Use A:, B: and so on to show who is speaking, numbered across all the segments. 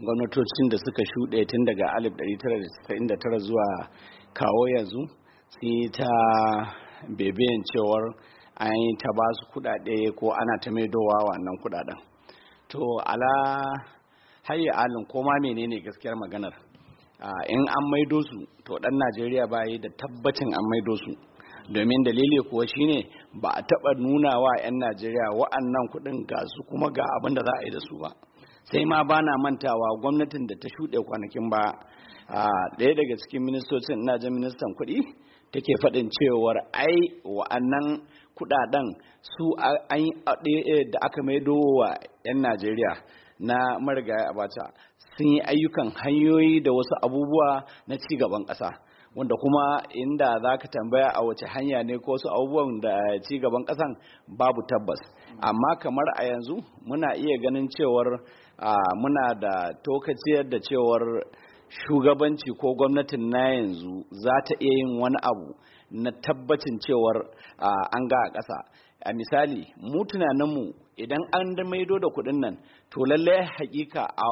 A: gwamnatocin da suka shuɗe tun daga 1999 zuwa kawo yanzu sai ta bebeyan cewar an yi ta ba su kudade ko ana ta maidowa wannan kudaden to ala hayi alin koma menene gaskiyar maganar in an maido su to ɗan najeriya ba yi da tabbacin an maido su domin dalili kuwa shine ba a taɓa nuna wa 'yan najeriya wa'annan kuɗin gasu kuma ga abin da za a yi da su ba sai ma ba na mantawa gwamnatin da ta shuɗe kwanakin ba ɗaya daga cikin ministocin ina jan ministan kuɗi take faɗin cewar ai wa'annan kuɗaɗen su eh, da aka maido wa 'yan najeriya na marigaya abata sun yi ayyukan hanyoyi da wasu abubuwa na cigaban ƙasa wanda kuma inda za ka tambaya a wace hanya ne ko su abubuwan da ci gaban kasan babu tabbas amma kamar a yanzu muna iya ganin cewar muna da tokaciyar da cewar shugabanci ko gwamnatin na yanzu za ta iya yin wani abu na tabbacin cewar an ga a ƙasa a misali mu tunaninmu idan an maido da kuɗin nan to lallai hakika a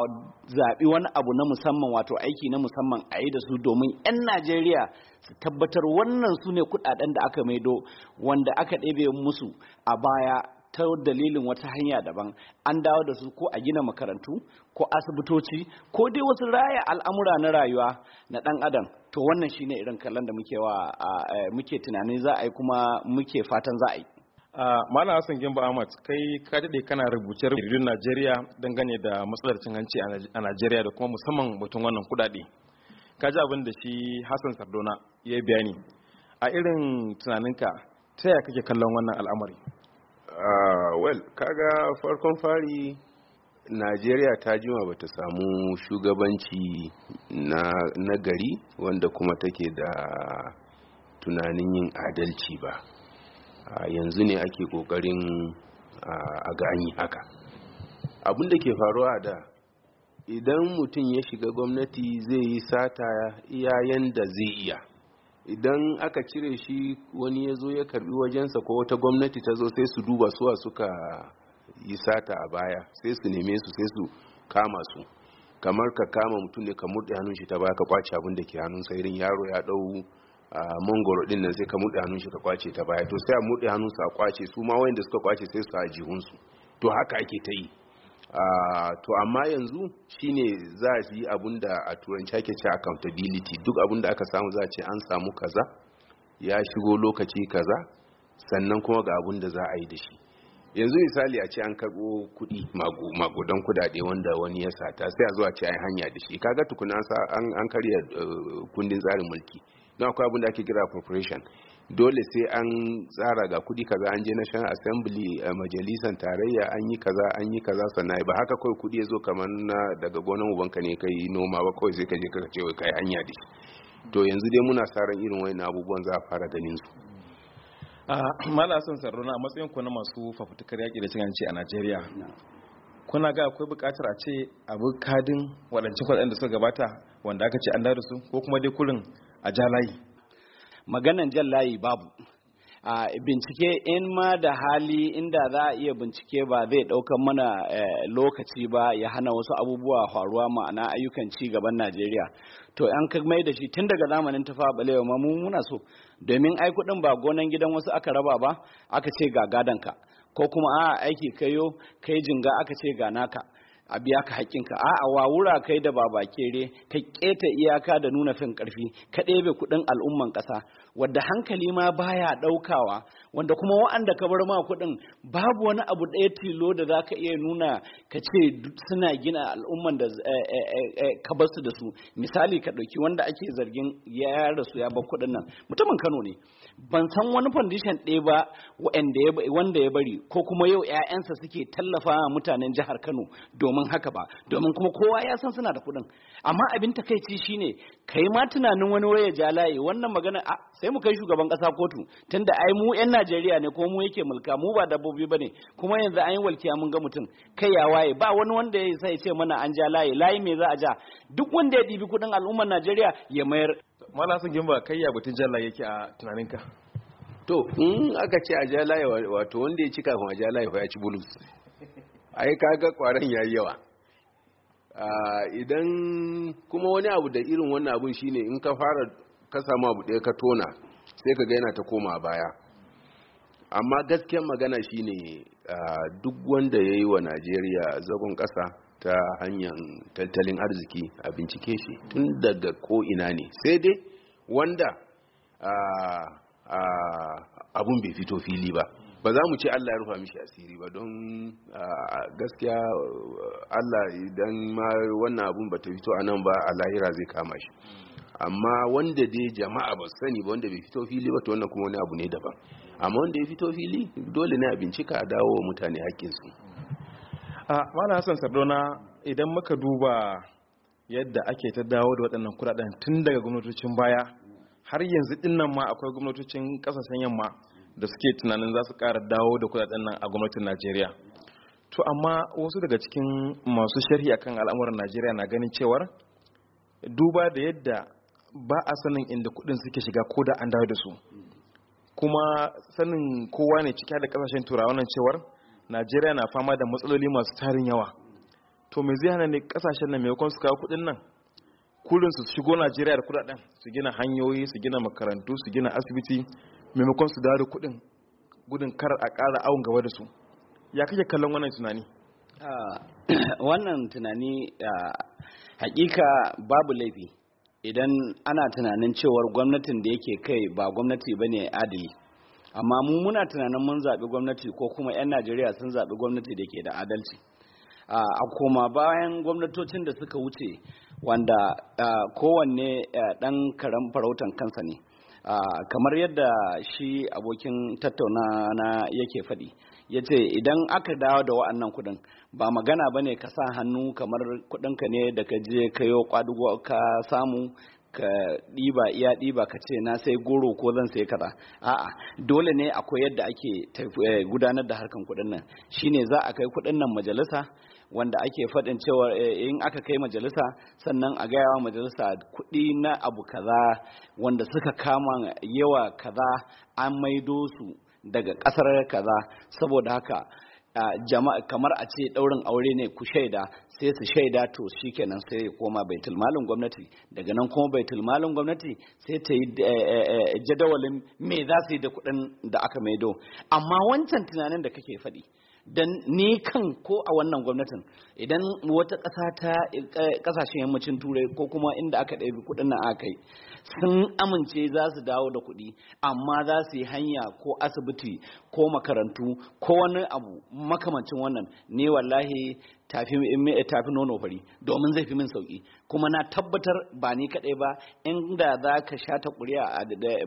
A: zaɓi wani abu na musamman wato aiki na musamman a yi da su domin 'yan najeriya su tabbatar wannan su ne kuɗaɗen da aka maido wanda aka ɗebe musu a baya ta dalilin wata hanya daban an dawo da su ko a gina makarantu ko asibitoci ko dai wasu raya al'amura na rayuwa na ɗan adam to wannan shine irin kallon da muke wa eh,
B: muke tunanin za a yi kuma muke fatan za a yi Ah, Malam Hassan Gimba Ahmad kai ka daɗe kana rubuce rubutun Najeriya dangane da matsalar cin hanci a Najeriya da kuma musamman batun wannan kuɗaɗe. Ka ji abin da shi Hassan Sardona ya bayani. A irin tunaninka ta yaya kake kallon wannan al'amari?
C: Ah, well, kaga farkon fari Najeriya ta jima ba ta samu shugabanci na gari wanda kuma take da tunanin yin adalci ba. yanzu ne ake kokarin a ga haka abin da ke faruwa da idan mutum ya shiga gwamnati zai yi sata iyayen da zai iya idan aka cire shi wani ya zo ya karbi wajensa ko wata gwamnati ta zo sai su duba suwa suka yi sata a baya sai su neme su sai su kama su kamar ka kama mutum ne ka murɗe hannun shi ta baya ka kwace abin da ke hannun sairin irin yaro ya ɗau mangoro din nan sai ka muɗe hannun shi ka kwace ta baya to sai a muɗe hannun sa a kwace su ma wayanda suka kwace sai su a su to haka ake ta yi to amma yanzu shine za a yi abun da a turanci ake ce accountability duk abun da aka samu za a ce an samu kaza ya shigo lokaci kaza sannan kuma ga abun da za a yi da shi yanzu misali a ce an kago kuɗi magudan kudade wanda wani ya sata sai a zuwa ce ai hanya da shi kaga tukuna an karya eh, kundin tsarin mulki don akwai abin da ake kira corporation dole sai an tsara ga kudi kaza an je national assembly a majalisar tarayya an yi kaza an yi kaza sannan ba haka kawai kudi ya zo kamar na daga gonan ubanka ne kai noma ba kawai sai ka je kaka cewa kai hanya da to yanzu dai muna sa ran irin wani
B: abubuwan za a fara ganin su a ah, mala son sarrona a matsayin ku masu fafutukar yaƙi da cin hanci a Najeriya kuna ga akwai buƙatar a ce abu kadin waɗancan kwaɗanda suka gabata wanda aka ce an da su ko kuma dai kurin a jalayi maganan jan babu a bincike in ma da hali inda
A: za a iya bincike ba zai ɗaukar mana eh, lokaci ba ya hana wasu abubuwa faruwa ma'ana ayyukan ci gaban najeriya to an ka mai da shi tun daga zamanin tafa balewa ma mu muna so domin ai kuɗin ba gonan gidan wasu aka raba ba aka ce ga gadanka ko kuma a aiki kayo kai jinga aka ce ga naka a biya ka haƙƙinka a'a wawura kai da bakere ka keta iyaka da nuna fin ƙarfi ka ɗebe kuɗin al'umman ƙasa wadda hankali ma baya ɗaukawa wanda kuma wa'anda ka bar ma kuɗin babu wani abu ɗaya tilo da za ka iya nuna ka ce suna gina al'umman da eh, eh, eh, ka basu da su misali ka ɗauki wanda ake zargin ya rasu ya bar kuɗin nan mutumin kano ne ban san wani fondishan ɗaya ba wanda ya bari ko kuma yau 'ya'yansa suke tallafa mutanen jihar kano domin haka ba domin kuma kowa ya san suna da kuɗin amma abin takaici shine kai ma tunanin wani waya ja layi wannan magana a sai mu kai shugaban ƙasa kotu tunda ai mu yan Najeriya ne ko mu yake mulka mu ba dabbobi bane kuma yanzu an yi walkiya mun ga mutum kai ya waye ba wani wanda ya sai ce mana an ja layi layi me
B: za a ja duk wanda ya ɗibi kuɗin al'ummar Najeriya ya mayar Mala sun gimba kai ya batun jalla yake a tunaninka
C: to in aka ce a ja wato wanda ya ci kafin a ja layi ya ci bulus ai kaga ƙwaran yayi yawa idan kuma wani abu da irin wannan abun shine in ka fara ka samu abu ɗaya ka tona sai ka ga yana ta koma baya amma gaskiyar magana shine duk wanda ya yi wa najeriya zagon kasa ta hanyar tattalin arziki a bincike shi tun daga ko'ina ne sai dai wanda abun bai fito fili ba ba za mu ce Allah ya rufa mishi asiri ba don gaskiya Allah idan ma wannan abun ba ta fito a nan ba a lahira zai kama shi amma wanda dai jama'a ba sani ba wanda bai fito fili ba to wannan kuma wani abu ne daban amma wanda ya fito fili dole ne a bincika a dawo mutane haƙƙinsu
B: a mana hassan sardona idan muka duba yadda ake ta dawo da waɗannan kuɗaɗen tun daga gwamnatocin baya har yanzu ɗin ma akwai gwamnatocin ƙasashen yamma da suke tunanin za su ƙara dawo da kudaden nan a gwamnatin najeriya to amma wasu daga cikin masu sharhi akan al'amuran najeriya na ganin cewar duba da yadda ba a sanin inda kudin suke shiga ko da an dawo da su kuma sanin kowa ne cike da kasashen turawa nan cewar najeriya na fama da matsaloli masu tarin yawa to me zai hana ne kasashen nan maimakon su kawo kudin nan kullum su shigo najeriya da kudaden su gina hanyoyi su gina makarantu su gina asibiti maimakon su dawo da kuɗin gudun kar a ƙara awon gaba da su ya kake kallon wannan tunani ah, wannan tunani ah,
A: hakika babu laifi idan ana tunanin cewar gwamnatin da yake kai ba gwamnati ba ne adali amma mu muna tunanin mun zaɓi gwamnati ko kuma 'yan najeriya sun zaɓi gwamnati da ke da adalci ah, a koma bayan gwamnatocin da suka wuce wanda kowanne eh, ɗan karam farautan kansa ne Ah, kamar yadda shi abokin tattauna na yake faɗi ya ce idan aka dawo da wa'annan kuɗin ba magana ba ne ka sa hannu kamar kuɗinka ne da ka je ka kayo kwadugo ka samu ka ɗiba iya ɗiba ka ce na sai goro ko zan sai kaza a'a dole ne akwai yadda ake eh, gudanar da harkan kuɗin nan shine za a kai kuɗin nan majalisa wanda ake faɗin cewa eh, in aka kai majalisa sannan a gaya wa majalisa kuɗi na abu kaza wanda suka kama yawa kaza an maido su daga ƙasar kaza saboda haka jama'a kamar a ce ɗaurin aure ne ku shaida sai su shaida to kenan sai ya koma baitul malin gwamnati daga nan kuma baitul malin gwamnati sai ta yi eh, eh, eh, jadawalin me za su yi da kuɗin da aka maido amma wancan tunanin da kake faɗi dan ni kan ko a wannan gwamnatin idan wata ƙasa ta ƙasashen yammacin turai ko kuma inda aka ɗabi kuɗin na aka yi sun amince za su dawo da kuɗi amma za su yi hanya ko asibiti ko makarantu ko wani abu makamancin wannan ne wallahi tafi in eh, tafi nono fari domin zai fi min sauki kuma na tabbatar ba ni kadai ba inda za ka sha ta kuriya a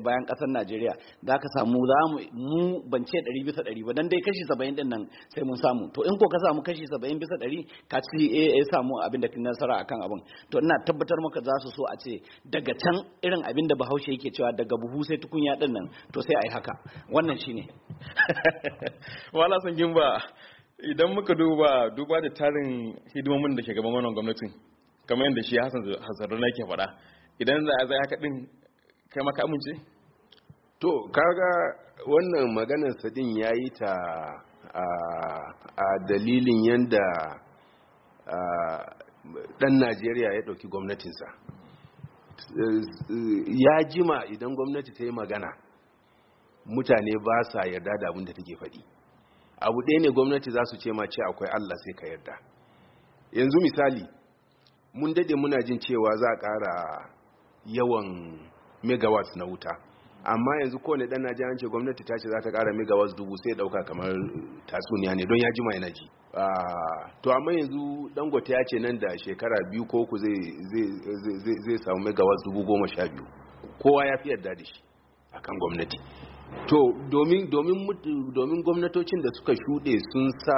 A: bayan kasar Najeriya za ka samu za mu mu ban 100 bisa 100 ba dan dai kashi 70 din nan sai mun samu to in ko ka samu kashi 70 bisa 100 ka ci eh, eh samu abin da kin nasara akan abin to ina tabbatar maka za su so a ce daga can irin abin da Bahaushe yake cewa daga buhu
B: sai tukunya din nan to sai ai haka wannan shine wala san gimba idan muka duba duba da tarin hidimomin da ke gaban wannan gwamnatin kamar yadda shi Hassan na ke faɗa idan za a zai haka din kai maka amince
C: to kaga wannan maganar sadin yayi ta a dalilin yadda dan Najeriya ya ɗauki gwamnatinsa ya jima idan gwamnati ta yi magana mutane ba sa yarda da abin da take faɗi abu ɗaya ne gwamnati za su ce ma ce akwai allah sai ka yarda yanzu misali mun dade muna jin cewa za a ƙara yawan megawatts na wuta amma yanzu kowane dan na jihar ce gwamnati ta ce za ta kara megawatts dubu sai ɗauka kamar tatsuniya ne don ya ji mai ah, ji to amma yanzu dangote ya ce nan da shekara biyu ko ku zai samu megawatts dubu goma sha biyu kowa ya fi yarda da shi akan gwamnati to domin gwamnatocin da suka shuɗe sun sa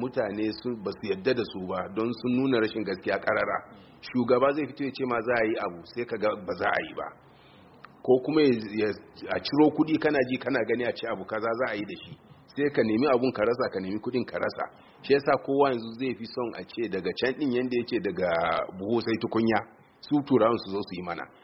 C: mutane ba su yadda da su ba don sun nuna rashin gaskiya karara shugaba zai fito ya ce ma za a yi abu sai ka ga ba za a yi ba ko kuma a ciro kuɗi kana ji kana gani a ce abu kaza za a yi da shi sai ka nemi abun ka rasa ka nemi kuɗin ka rasa shi yasa kowa yanzu zai fi son a ce daga can ɗin yanda yake daga buhu sai tukunya su turawan su zo su yi mana